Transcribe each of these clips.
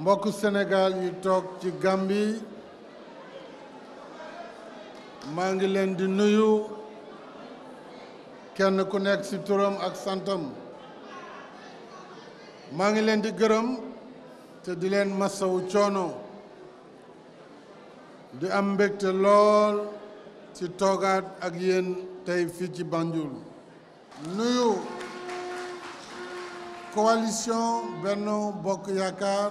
mbokk Sénégal yi toog ci Gàmbi maa ngi leen di nuyu kenn ku nekk ci turam ak santam maa ngi leen di gërëm te di leen masawu coono di am mbégte lool ci toogaat ak yéen tey fii ci Banjul nuyu coalition Benno Bokk Yaakaar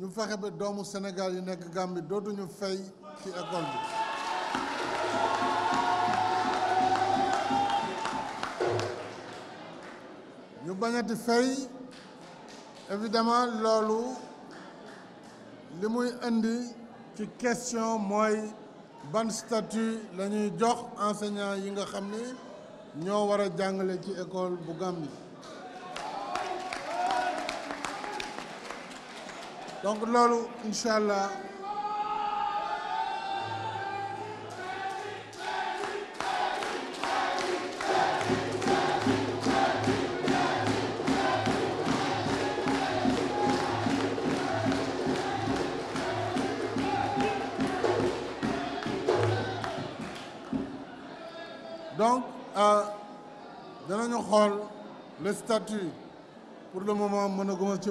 Nous faire de doomu Sénégal yi nekk Gambie dootuñu fay ci école bi ñu de fay évidemment l'olu, li muy indi ci question moi, ban statut l'année d'or jox enseignant yi nga xam ni ñoo war a ci école bu Gambie donc lolo, Inch'Allah... Donc... donc euh, danañu xool le statut pour le moment mën a ci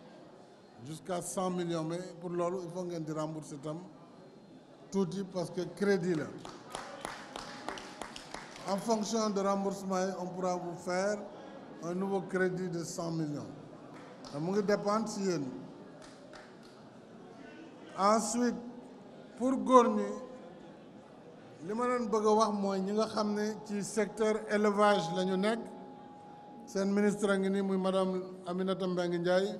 jusqu'à 100 millions mais pour loolu il faut vous di rembourser tout dit parce que crédit là. en fonction de remboursement on pourra vous faire un nouveau crédit de 100 millions Ça dépend dépendre si ensuite pour Gourmi, le que je secteur élevage C'est le ministre de Mme madame Aminata Mbengue Ndiaye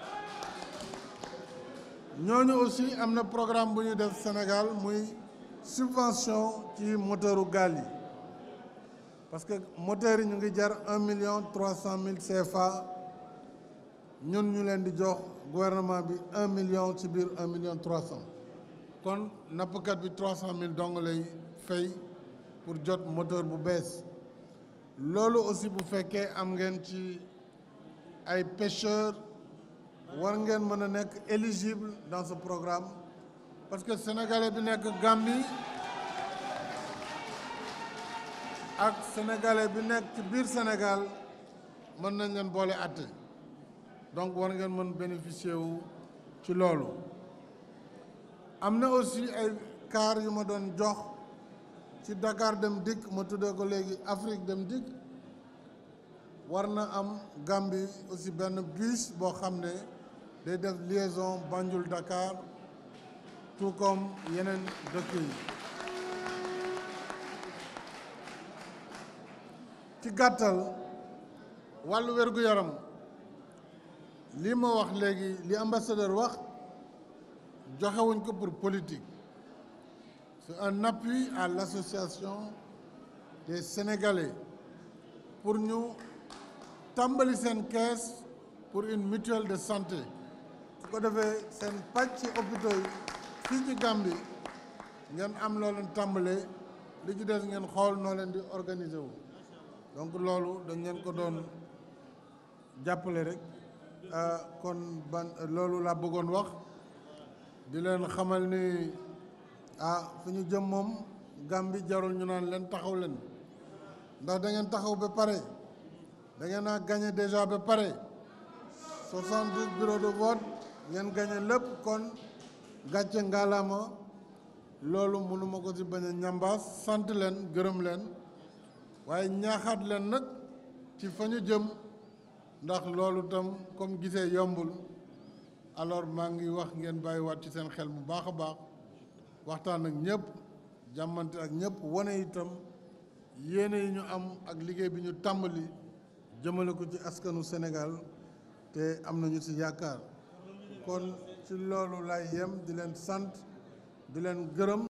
Nous avons aussi un programme au Sénégal, une subvention qui est moteur au Gali. Parce que le moteur est 1,3 million de CFA. Nous avons le gouvernement 1 1,3 1 million 300. Donc, nous avons 300 000 dongles pour le moteur qui baisse. Lolo aussi pour faire que nous des pêcheurs war ngeen mën a nekk éligible dans ce programme parce que sénégalais bi nekk Gambie ak sénégalais bi nekk ci biir Sénégal mën nañ leen boole àtte donc war ngeen mën bénéficier wu ci loolu am na aussi ay car yu ma doon jox ci Dakar dem dikk ma tuddee ko léegi Afrique dem dikk war na am Gambie aussi benn bus boo xam ne des liaisons Banjul Dakar tout comme yeneen dëkk yi ci gàttal wàllu wér yaram li ma wax léegi li ambassadeur wax joxewuñ ko pour politique c'est un appui à l'association des Sénégalais pour nous, tambali sen caisse pour une mutuelle de santé ko defee seen paj ci hôpitaux yi fii ci Gambie ngeen am loo leen tàmbalee li ci des ngeen xool noo leen di organiser wu donc loolu dañ leen ko doon jàppale rek euh, kon ban loolu laa bëggoon wax di leen xamal ni ah fu ñu jëm moom Gambie jarul ñu naan leen taxaw leen ndax da ngeen taxaw ba pare da ngeen a gagné déjà ba pare 60 bureaux de vote ngeen gañe lépp kon gàcce ngalaama loolu mënuma ko ci bañ a ñambaas sant leen gërëm leen waaye ñaaxaat leen nag ci fa ñu jëm ndax loolu tam comme gisee yombul alors maa ngi wax ngeen bàyyiwaat ci seen xel bu baax a baax waxtaan ak ñëpp jàmmante ak ñëpp wane itam yéene yi ñu am ak liggéey bi ñu tàmbali jëmale ko ci askanu senegal te am nañu ci yaakaar kon ci loolu lay yem di leen sant di leen